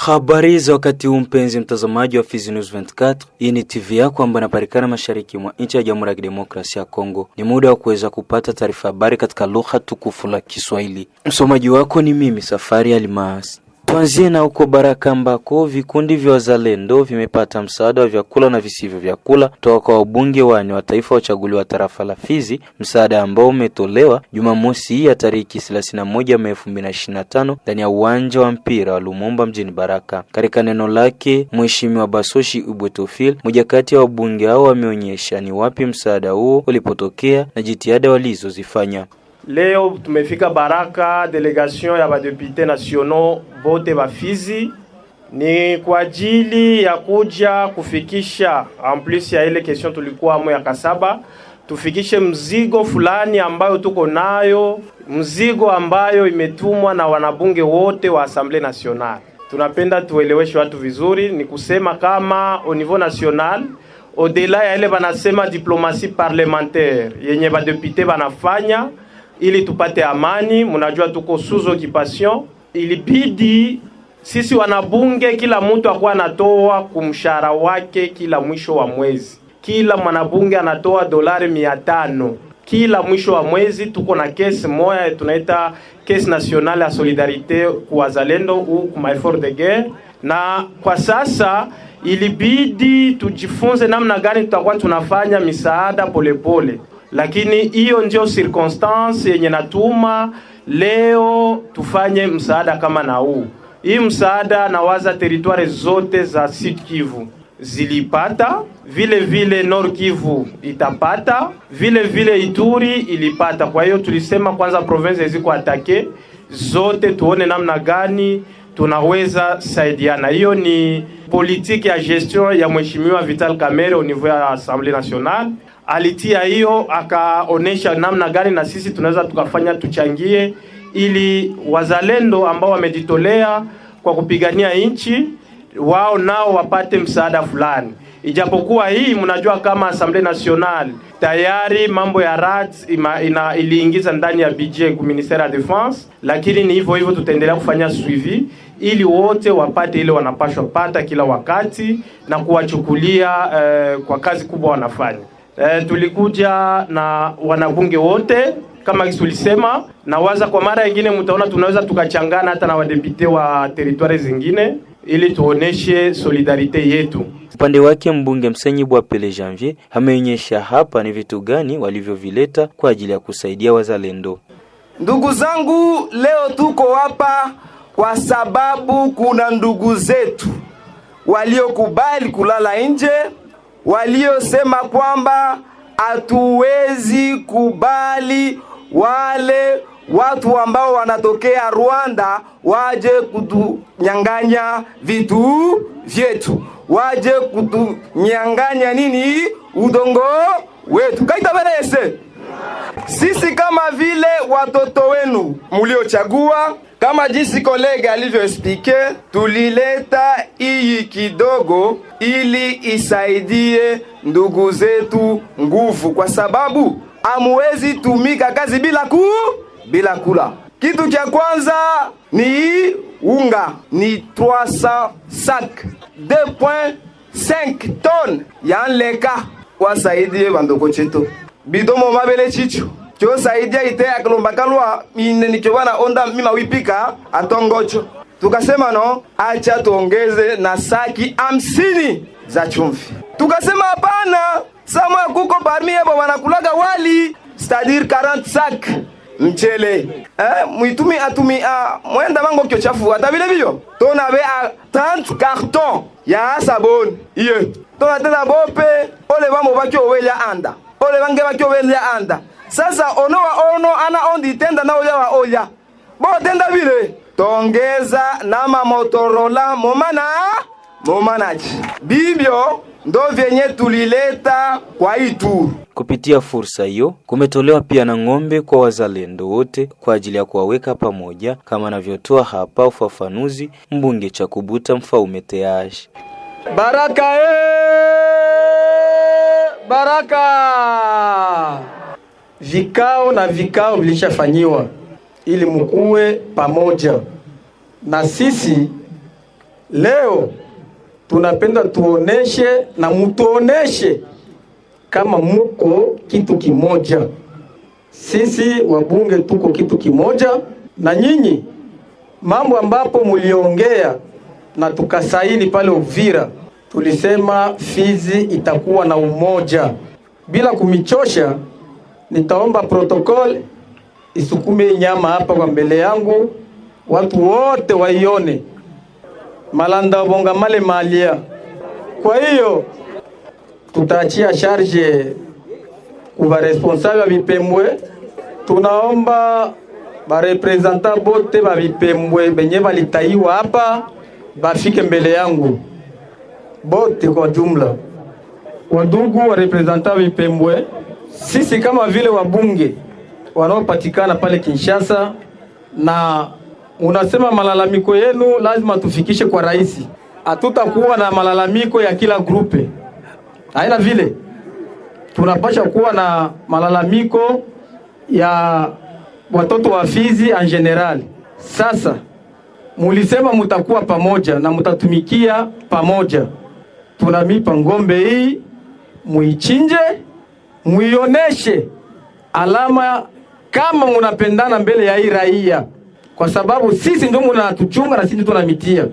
Habari za wakati huu mpenzi mtazamaji wa Fizi News 24, hii ni TV yako ambayo inapatikana mashariki mwa nchi ya Jamhuri ya Kidemokrasia ya Kongo. Ni muda wa kuweza kupata taarifa habari katika lugha tukufu la Kiswahili. Msomaji wako ni mimi Safari Almas. Tuanzie na huko Baraka ambako vikundi vya wazalendo vimepata msaada wa vyakula na visivyo vyakula kutoka kwa wabunge wane wa taifa wachaguliwa tarafa la Fizi, msaada ambao umetolewa Jumamosi hii ya tariki 31 Mei 2025 ndani ya uwanja wa mpira wa Lumumba mjini Baraka. Katika neno lake, Mheshimiwa Basoshi Ubwetofil, mmoja kati ya wabunge hao, wameonyesha ni wapi msaada huo ulipotokea na jitihada walizozifanya. Leo tumefika Baraka, delegation ya badepute nationaux bote bafizi ni kwa ajili ya kuja kufikisha en plus ya ile question tulikuwa mo ya Kasaba, tufikishe mzigo fulani ambayo tuko nayo, mzigo ambayo imetumwa na wanabunge wote wa Assemblée Nationale. Tunapenda tueleweshe watu vizuri, ni kusema kama au niveau national odela ya ile banasema diplomatie parlementaire yenye badepute banafanya ili tupate amani. Mnajua tuko suzo kipasio, ilibidi sisi wanabunge kila mtu akuwa anatoa kumshahara wake kila mwisho wa mwezi. Kila mwanabunge anatoa dolari mia tano kila mwisho wa mwezi. Tuko na kesi moya tunaita kesi nationale ya solidarite ku wazalendo au ku effort de guerre, na kwa sasa ilibidi tujifunze namna gani tutakuwa tunafanya misaada polepole pole lakini hiyo ndio circumstance yenye natuma leo tufanye msaada kama na huu. Hii msaada nawaza territoire zote za Sud Kivu zilipata vile vile Nord Kivu itapata vile vile Ituri ilipata. Kwa hiyo tulisema kwanza province ziko atake zote, tuone namna gani tunaweza saidiana. Hiyo ni politiki ya gestion ya Mheshimiwa Vital Kamerhe au niveau ya Assemblée Nationale alitia hiyo, akaonesha namna gani na sisi tunaweza tukafanya tuchangie, ili wazalendo ambao wamejitolea kwa kupigania nchi wao nao wapate msaada fulani. Ijapokuwa hii mnajua kama Assemblée Nationale tayari mambo ya rats iliingiza ndani ya budget ku ministère ya defense, lakini ni hivyo hivyo, tutaendelea kufanya suivi ili wote wapate ile wanapashwa pata kila wakati na kuwachukulia eh, kwa kazi kubwa wanafanya. E, tulikuja na wanabunge wote kama tulisema, na waza kwa mara nyingine mtaona tunaweza tukachangana hata na wadepite wa teritwari zingine ili tuoneshe solidarite yetu. Upande wake mbunge msenyi bwa Pele Janvier ameonyesha hapa ni vitu gani walivyovileta kwa ajili ya kusaidia wazalendo. Ndugu zangu, leo tuko hapa kwa sababu kuna ndugu zetu waliokubali kulala nje waliosema kwamba hatuwezi kubali wale watu ambao wanatokea Rwanda waje kutunyang'anya vitu vyetu, waje kutunyang'anya nini? Udongo wetu. Benese, sisi kama vile watoto wenu muliochagua kama jinsi kolega alivyoesplike, tulileta iyi kidogo ili isaidie ndugu zetu nguvu, kwa sababu amuwezi tumika kazi bila ku bila kula. Kitu cha kwanza ni unga ni 300 sak 2.5 ton yanleka, wasaidie bandoko chetu bidomo mabele chicho cho saidia ite akalombakalwa ine nichovana onda mima wipika atongocho tukasema no acha tuongeze na saki hamsini za chumvi tukasema hapana sama kuko parmi yabo wanakulaga wali stadir dire 40 sac mchele eh, mwitumi atumi a ah, mwenda mango kyo chafu ata vile vyo tona ve a ah, 30 karton ya sabon iye tona tena bope ole vamo bakyo wela anda ole bange bakyo belya anda sasa ono wa ono ana ondi tenda na oya wa oya tenda bile tongeza na mamotorola momana momanaji bibyo ndo vyenye tulileta kwa ituru Kupitia fursa hiyo kumetolewa pia na ng'ombe kwa wazalendo wote kwa ajili ya kuwaweka pamoja, kama anavyotoa hapa ufafanuzi mbunge cha Kubuta Mfaume Teashi Baraka. Ee. Baraka. Vikao na vikao vilishafanyiwa ili mkuwe pamoja na sisi. Leo tunapenda tuoneshe na mutuoneshe kama muko kitu kimoja. Sisi wabunge tuko kitu kimoja na nyinyi, mambo ambapo muliongea na tukasaini pale Uvira Tulisema Fizi itakuwa na umoja. Bila kumichosha, nitaomba protokoli isukume nyama hapa kwa mbele yangu, watu wote waione malanda bonga male malia. Kwa hiyo tutaachia charge kuva responsable bavipembwe. Tunaomba barepresenta bote bavipembwe benye valitaiwa hapa bafike mbele yangu bote kwa jumla, wadugu wa reprezenta Vipembwe, sisi kama vile wabunge wanaopatikana pale Kinshasa, na unasema malalamiko yenu lazima tufikishe kwa rais. Hatutakuwa na malalamiko ya kila grupe, haina vile tunapasha kuwa na malalamiko ya watoto wa Fizi en general. Sasa mulisema mutakuwa pamoja na mutatumikia pamoja tunamipa ng'ombe hii, muichinje, muioneshe alama kama munapendana mbele ya hii raia, kwa sababu sisi ndio munatuchunga na sisi tunamitia.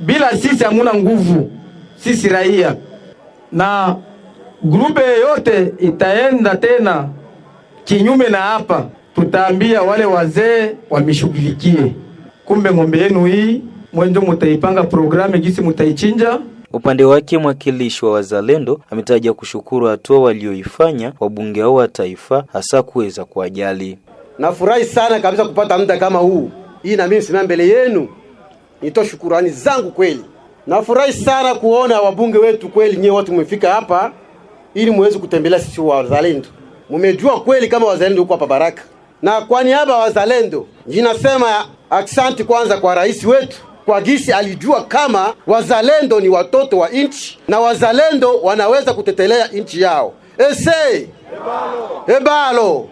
Bila sisi hamuna nguvu sisi raia, na grupe yote itaenda tena kinyume na hapa, tutaambia wale wazee wamishughulikie. Kumbe ng'ombe yenu hii mwenjo mutaipanga programu gisi mutaichinja Upande wake mwakilishi wa wazalendo ametaja kushukuru hatua walioifanya wabunge hao wa taifa, hasa kuweza kuwajali. Nafurahi sana kabisa kupata muda kama huu hii, na mimi simama mbele yenu nitoe shukurani zangu kweli. Nafurahi sana kuona wabunge wetu kweli, nyie watu mmefika hapa ili muweze kutembelea sisi wazalendo. Mumejua kweli kama wazalendo huko hapa Baraka, na kwa niaba ya wazalendo ninasema aksanti kwanza kwa rais wetu kwa gisi alijua kama wazalendo ni watoto wa nchi na wazalendo wanaweza kutetelea nchi yao. Ese ebalo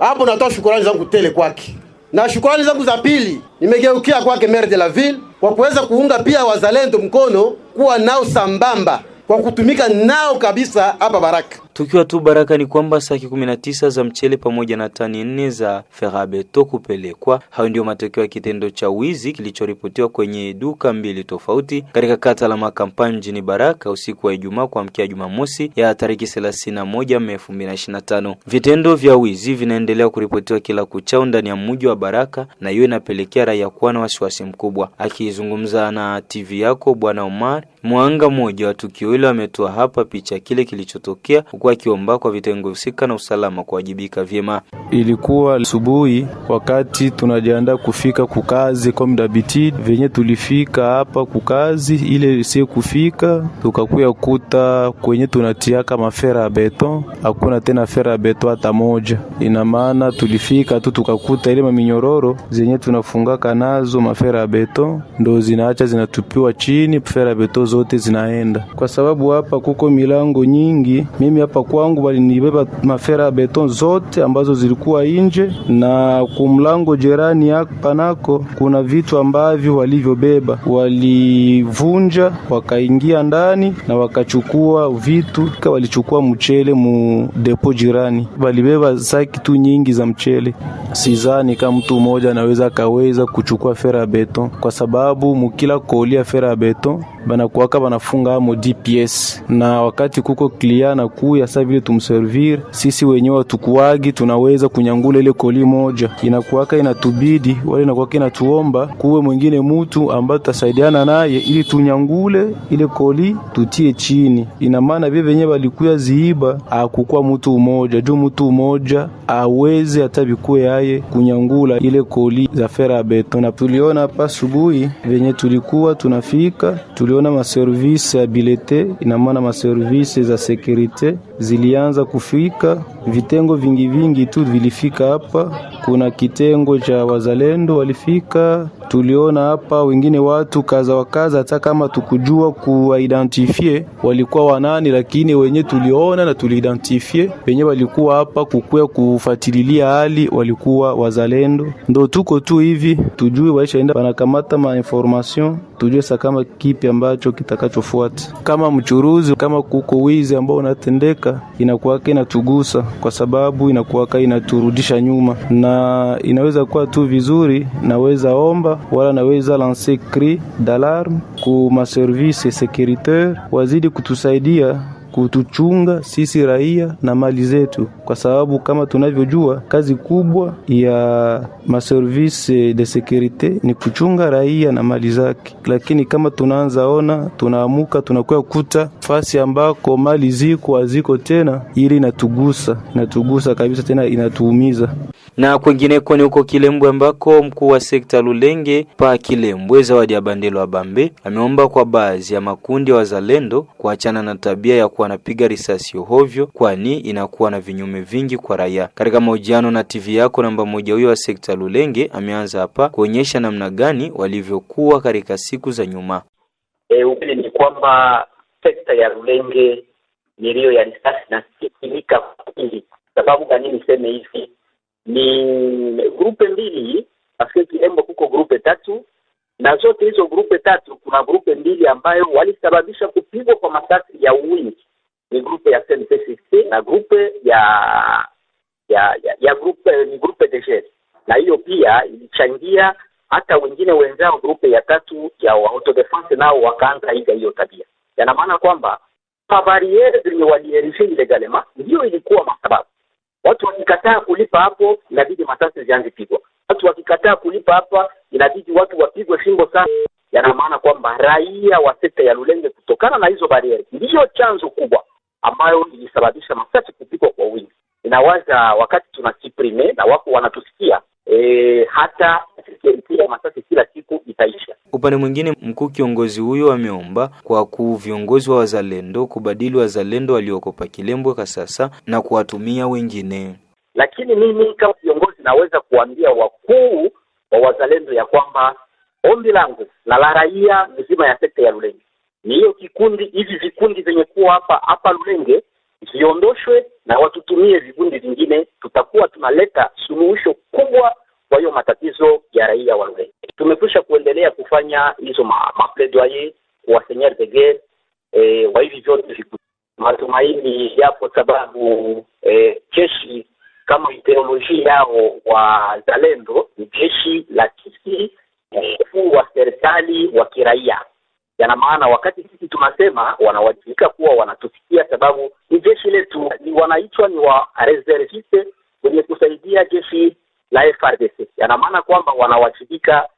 hapo, natoa shukurani zangu tele kwake na shukurani zangu za pili nimegeukia kwake maire de la ville kwa kuweza kuunga pia wazalendo mkono, kuwa nao sambamba, kwa kutumika nao kabisa hapa Baraka. Tukiwa tu Baraka ni kwamba saki 19 za mchele pamoja na tani nne za ferabeto kupelekwa. Hayo ndio matokeo ya kitendo cha wizi kilichoripotiwa kwenye duka mbili tofauti katika kata la makampani mjini Baraka usiku wa Ijumaa kuamkia Jumamosi ya tariki 31 Mei 2025. Vitendo vya wizi vinaendelea kuripotiwa kila kuchao ndani ya mji wa Baraka na hiyo inapelekea raia kuwa na wasiwasi mkubwa. Akizungumza na TV yako Bwana Omar, mwanga mmoja wa tukio hilo ametoa hapa picha kile kilichotokea huko alikuwa akiomba kwa vitengo husika na usalama kuwajibika vyema. Ilikuwa asubuhi, wakati tunajiandaa kufika kukazi kwa mdabiti, venye tulifika hapa kukazi ile sie kufika, tukakuya kuta kwenye tunatiaka mafera ya beton, hakuna tena fera ya beton hata moja. Ina maana tulifika tu tukakuta ile maminyororo zenye tunafungaka nazo mafera ya beton ndo zinaacha zinatupiwa chini, fera ya beton zote zinaenda, kwa sababu hapa kuko milango nyingi. Mimi hapa hapa kwangu walinibeba mafera ya beton zote ambazo zilikuwa nje, na kumlango jirani panako kuna vitu ambavyo walivyobeba, walivunja wakaingia ndani na wakachukua vitu, walichukua mchele mu depo jirani, walibeba saki tu nyingi za mchele. sizani kama mtu mmoja anaweza akaweza kuchukua fera ya beton, kwa sababu mukila kolia fera ya beton banakuwaka banafunga amo DPS na wakati kuko klia na kuya hasa vile tumservir sisi wenyewe tukuagi tunaweza kunyangula ile koli moja, inakuwaka inatubidi wala inakuwaka inatuomba kuwe mwingine mutu ambaye tutasaidiana naye ili tunyangule ile koli tutie chini. Ina maana vile venye valikuya ziiba akukua mutu umoja juu mutu umoja aweze hata vikuwe yaye kunyangula ile koli za fera beto. Na tuliona hapa subuhi venye tulikuwa tunafika, tuliona maservise ya bilete, ina maana maservise za sekurite zilianza kufika, vitengo vingi vingi tu vilifika hapa. Kuna kitengo cha wazalendo walifika, tuliona hapa wengine watu kaza wakaza, hata kama tukujua kuwaidentifie walikuwa wanani, lakini wenye tuliona na tuliidentifie wenye walikuwa hapa kukuya kufatililia hali walikuwa wazalendo. Ndo tuko tu hivi tujue waishaenda wanakamata ma information tujue sa kama kipi ambacho kitakachofuata. Kama mchuruzi, kama kuko wizi ambao unatendeka, inakuwaka inatugusa kwa sababu inakuwaka inaturudisha nyuma, na inaweza kuwa tu vizuri, naweza omba wala naweza lancer cri d'alarme ku maservice securitaire wazidi kutusaidia kutuchunga sisi raia na mali zetu, kwa sababu kama tunavyojua kazi kubwa ya maservice de securite ni kuchunga raia na mali zake, lakini kama tunaanza ona, tunaamuka tunakuwa kuta fasi ambako mali ziko haziko tena, ili inatugusa inatugusa kabisa, tena inatuumiza na kwengineko ni huko Kilembwe ambako mkuu wa sekta Lulenge pa Kilembwe Zawadi ya Bandelo wa Bambe ameomba kwa baadhi ya makundi ya wazalendo kuachana na tabia ya kuwa napiga risasi hovyo, kwani inakuwa na vinyume vingi kwa raia. Katika mahojiano na TV yako namba moja, huyo wa sekta Lulenge ameanza hapa kuonyesha namna gani walivyokuwa katika siku za nyuma. E, ukweli ni kwamba sekta ya Lulenge milio ya risasi na sikilika kwingi. Sababu gani niseme hivi? ni grupe mbili paske Kiembo kuko grupe tatu, na zote hizo grupe tatu kuna grupe mbili ambayo walisababisha kupigwa kwa masasi ya uwingi, ni grupe ya cnp na grupe ya ya ya, ya grupe ni grupe DGS, na hiyo pia ilichangia hata wengine wenzao grupe ya tatu ya autodefense nao wakaanza iga hiyo tabia. Yana maana kwamba pavariere zenye walierige ilegalema ndiyo ilikuwa masababu Watu wakikataa kulipa hapo, inabidi masasi zianze pigwa. Watu wakikataa kulipa hapa, inabidi watu wapigwe fimbo sana. Yana maana kwamba raia wa sekta ya Lulenge, kutokana na hizo barieri, ndiyo chanzo kubwa ambayo ilisababisha masasi kupigwa kwa wingi. Inawaza wakati tunasiprime na wako wanatusikia e, hata masasi kila siku itaisha. Upande mwingine, mkuu kiongozi huyo ameomba kwa kuu viongozi wa wazalendo kubadili wazalendo waliokopa Kilembwe kwa sasa na kuwatumia wengine. Lakini mimi kama kiongozi naweza kuambia wakuu wa wazalendo ya kwamba ombi langu na la raia mzima ya sekta ya Lulenge ni hiyo kikundi, hivi vikundi vyenye kuwa hapa hapa Lulenge viondoshwe na watutumie vikundi vingine, tutakuwa tunaleta suluhisho kubwa kwa hiyo matatizo ya raia wa Lulenge tumekwisha kuendelea kufanya hizo mapledoyer kwa seigneur de guerre e, eh, wa hivi vyote viku matumaini yapo, sababu e, jeshi kama ideolojia yao wazalendo ni jeshi la kisi mkuu eh, wa serikali wa kiraia. Yana maana wakati sisi tunasema wanawajibika kuwa wanatusikia, sababu ni jeshi letu, ni wanaitwa ni wa reserviste kwenye kusaidia jeshi la FRDC. Yana maana kwamba wanawajibika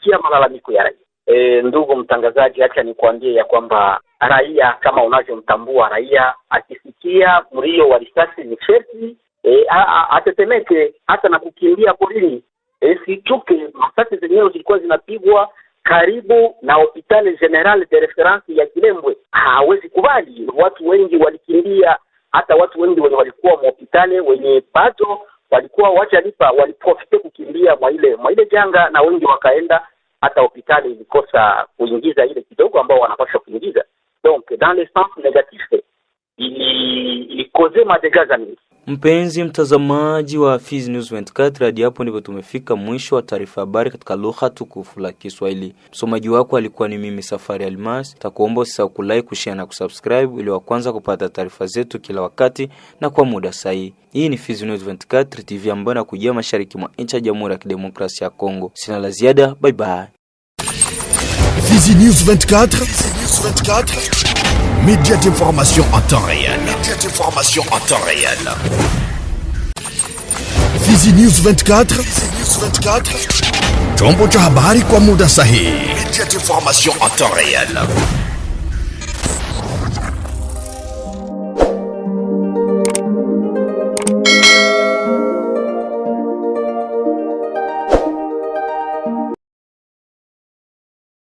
kusikia malalamiko ya raia. E, ndugu mtangazaji, acha nikuambie ya kwamba raia kama unavyomtambua raia, akisikia mlio wa risasi ni sherti e, atetemeke hata na kukimbia porini. E, sichuke masasi zenyewe zilikuwa zinapigwa karibu na hospitali general de reference ya Kilembwe. Hawezi kubali, watu wengi walikimbia, hata watu wengi wenye walikuwa mhospitali wenye bado walikuwa wajalipa waliprofite kukimbia mwa ile mwa ile janga, na wengi wakaenda hata hospitali ilikosa kuingiza ile kidogo ambao wanapaswa kuingiza. Donc dans le sens négatif, ili ilikoze madega mingi Mpenzi mtazamaji wa Fizi News 24, hadi hapo ndipo tumefika mwisho wa taarifa habari katika lugha tukufu la Kiswahili. Msomaji wako alikuwa ni mimi Safari Almas. Takuomba usisahau kulike, kushare na kusubscribe ili wa kwanza kupata taarifa zetu kila wakati na kwa muda sahihi. Hii ni Fizi News 24 TV ambayo nakujia mashariki mwa nchi ya Jamhuri ya Kidemokrasia ya Kongo. Sina la ziada, bye bye. TC News 24, TC News 24, média d'information en temps réel. Média d'information en temps réel. TC News 24, TC News 24, chombo cha habari kwa muda sahihi. Média d'information en temps réel.